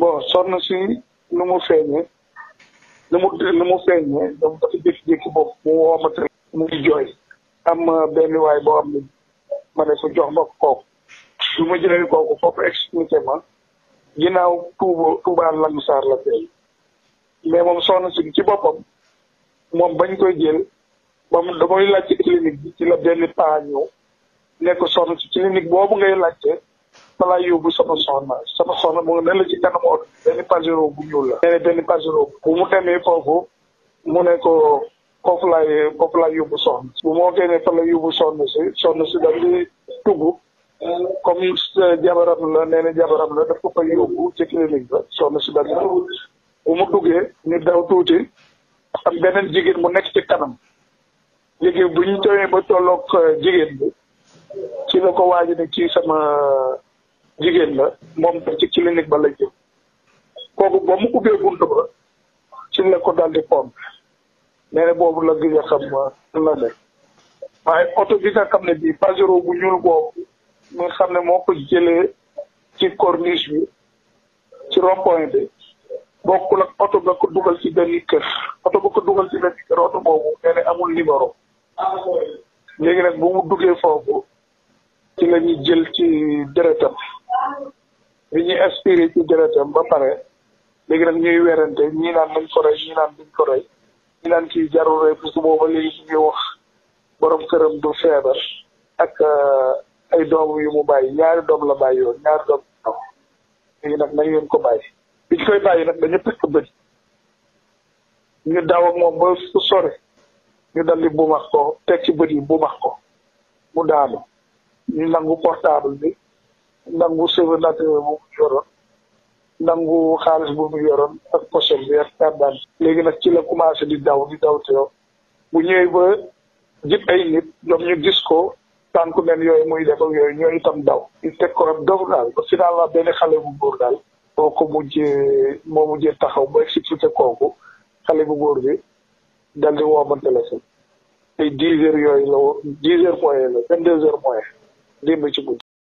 bon soxna si nu mu feeñee nu mu nu mu feeñee donc dafa jékki bopp mu woo ma jooy am benn waay boo xam ne ma ne ko jox ma kooku su ma jëlee kooku foofu expliqué ma ginnaaw Touba Touba Langsar la feeñ mais moom soxna si ci boppam moom bañ koy jël ba mu damay laajte clinique bi ci la benn paa nekk soxna clinique boobu ngay laajte ma laay yóbbu sama soxna sama soxna mu ne la ci kanam oto benn pajero bu ñuul la. nee na benn pajero bu mu demee foofu mu ne ko foofu laay yóbbu soxna bu moo génnee fa la yóbbu soxna si soxna si dal di tugg comme jabaram la nee na jabaram la daf ko yóbbu ci clinique ba soxna si dal di bu mu duggee ñu daw tuuti am beneen jigéen bu nekk ci kanam léegi bu ñu tooyee ba tolloog jigéen bi ci la ko waaj ne ci sama jigéen la moom tam ci clinique ba la jëm kooku ba mu ubbee bunt ba ci la ko daal di pompe nee boobu la gis a xam la nekk waaye oto bi nga xam ne bii Pajero bu ñuul boobu nga xam ne moo ko jëlee ci corniche bi ci rond bi bokkul ak oto ba ko dugal ci benn kër oto ba ko dugal ci benn kër oto boobu nee amul numéro léegi nag bu mu duggee foofu ci la jël ci deretam ñu aspiré ci ba pare léegi nag ñuy werante ñii naan nañ ko rey ñii naan duñ ko rey rey parce que booba léegi ñuy wax borom këram du feebar ak euh, ay doom yu mu bàyyi ñaari doom la bàyyi woon ñaari doom la léegi nag nañ leen ko bàyyi bi ñu koy moom ba su ñu daldi bumax ko teg bët yi bumax ko mu daanu ñu nangu portable bi nangu cheveux naturels bu mu yoroon nangu xaalis bu mu yoroon ak pochette bi ak carte léegi nag ci la commencé di daw di daw teew bu ñëwee ba jib ay nit ñoom ñu gis ko tànku nen yooyu muy def ak yooyu ñooy tam daw ñu teg ko rab dof daal ba finalement benn xale bu góor daal moo ko mujjee moo mujjee taxaw ba expliqué kooku xale bu góor bi dal di woo ma téléphone ay dix heures yooyu la dix heures moyen la vingt deux heures moyen démb ci guddi